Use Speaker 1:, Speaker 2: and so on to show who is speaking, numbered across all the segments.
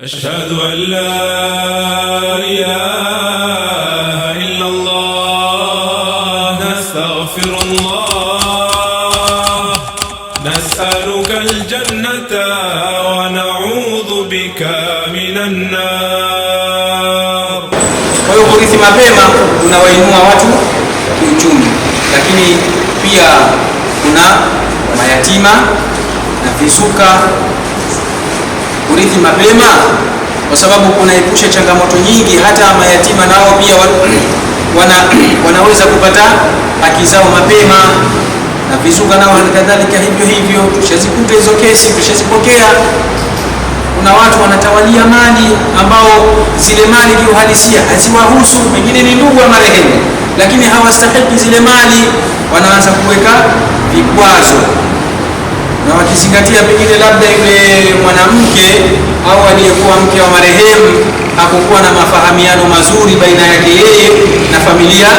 Speaker 1: أشهد أن لا إله إلا الله نستغفر الله نسألك الجنة ونعوذ بك من النار.
Speaker 2: Kwa hiyo kurithi mapema unawainua watu kiuchumi, lakini pia kuna mayatima na vizuka kurithi mapema, kwa sababu kunaepusha changamoto nyingi. Hata mayatima nao pia wana, wanaweza kupata haki zao mapema, na vizuka nao halikadhalika hivyo hivyo. Tushazikuta hizo kesi, tushazipokea. Kuna watu wanatawalia mali ambao zile mali kiuhalisia haziwahusu, pengine ni ndugu wa marehemu, lakini hawastahiki zile mali, wanaanza kuweka vikwazo na wakizingatia pengine labda yule mwanamke au aliyekuwa mke wa marehemu hakukuwa na mafahamiano mazuri baina yake yeye na familia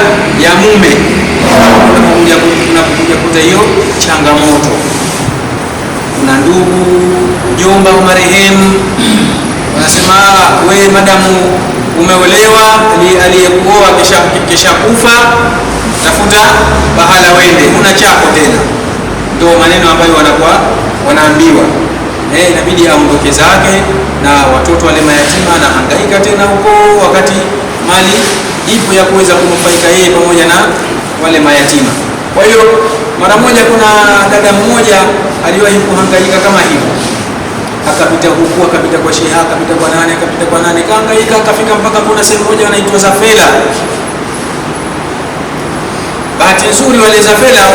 Speaker 2: ya mume, unakuja kuta hiyo changamoto. Kuna ndugu mjomba wa marehemu wanasema, we madamu umeolewa, aliyekuoa kesha kufa, tafuta bahala, wende una chako tena ndio maneno ambayo wanakuwa wanaambiwa eh, inabidi aondoke zake na watoto wale mayatima, na hangaika tena huko, wakati mali ipo ya kuweza kunufaika yeye pamoja na wale mayatima. Kwa hiyo mara moja, kuna dada mmoja aliwahi kuhangaika kama hivyo, akapita huku, akapita kwa sheha, akapita kwa nani, akapita kwa nani, kaangaika akafika mpaka kuna sehemu moja wanaitwa Zafela bahati nzuri wale fela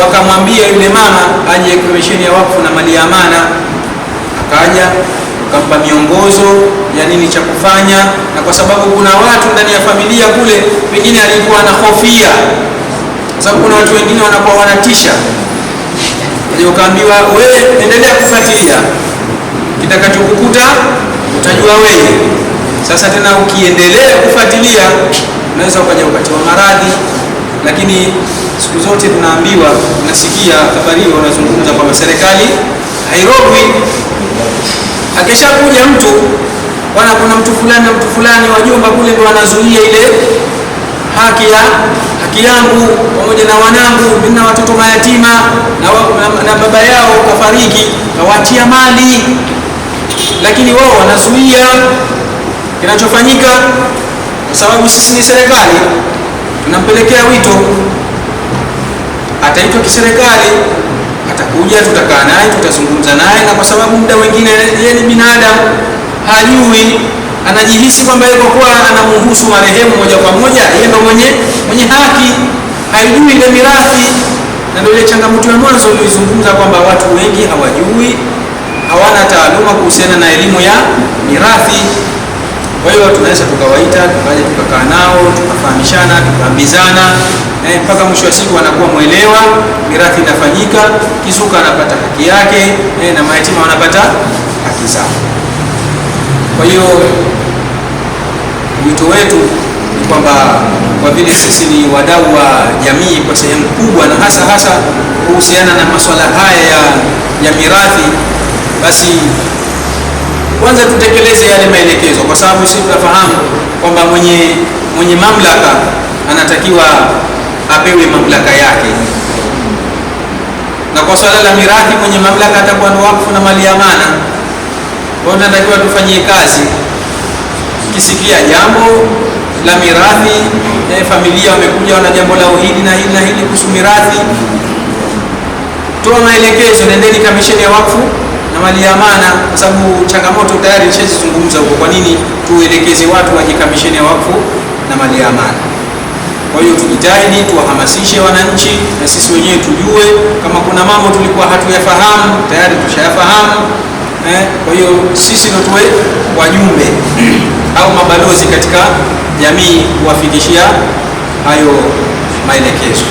Speaker 2: wakamwambia yule mama aje komisheni ya wakfu na mali ya amana, akaja akampa miongozo ya nini cha kufanya, na kwa sababu kuna watu ndani ya familia kule, pengine alikuwa anahofia, kwa sababu kuna watu wengine wanakuwa wanatisha. Ukaambiwa wewe endelea kufuatilia, kitakachokukuta utajua wewe. Sasa tena ukiendelea kufuatilia, unaweza ukaja ukatiwa maradhi lakini siku zote tunaambiwa, tunasikia habari hiyo, wanazungumza kwamba serikali hairogwi. Akishakuja mtu bwana, kuna mtu fulani na mtu fulani wajomba kule, ndio wanazuia ile haki ya haki yangu pamoja na wanangu, nina watoto mayatima na, na, na baba yao kafariki, kawatia mali, lakini wao wanazuia kinachofanyika, kwa sababu sisi ni serikali Nampelekea wito, ataitwa kiserikali, atakuja, tutakaa naye, tutazungumza naye, na kwa sababu muda wengine yeye ni binadamu, hajui, anajihisi kwamba yeye kwa kuwa anamuhusu marehemu moja kwa moja, yeye ndo mwenye mwenye haki, haijui ile mirathi na ndio ile changamoto ya mwanzo ulioizungumza kwamba watu wengi hawajui, hawana taaluma kuhusiana na elimu ya mirathi. Kwa hiyo tunaweza tukawaita tukaja tukakaa nao tukafahamishana tukaambizana eh, mpaka mwisho wa siku anakuwa mwelewa, mirathi inafanyika, kisuka anapata haki yake eh, na mayatima wanapata haki zao. Kwa hiyo wito wetu ni kwamba kwa vile sisi ni wadau wa jamii kwa sehemu kubwa, na hasa hasa kuhusiana na masuala haya ya, ya mirathi basi kwanza tutekeleze yale maelekezo, kwa sababu sisi tunafahamu kwamba mwenye mwenye mamlaka anatakiwa apewe mamlaka yake, na kwa swala la mirathi mwenye mamlaka atakuwa ni wakfu na mali ya amana. Kwa hiyo tunatakiwa tufanyie kazi, ukisikia jambo la mirathi eh, familia wamekuja wana jambo la uhidi na hili na hili kuhusu mirathi, toa maelekezo, nendeni kamisheni ya wakfu na mali ya amana, kwa sababu changamoto tayari nishazizungumza huko. Kwa nini tuelekeze watu waje kamisheni ya wakfu na mali ya amana? Kwa hiyo tujitahidi, tuwahamasishe wananchi na sisi wenyewe tujue, kama kuna mambo tulikuwa hatuyafahamu tayari tushayafahamu. Eh, kwa hiyo sisi ndio tuwe wajumbe au mabalozi katika jamii kuwafikishia hayo maelekezo.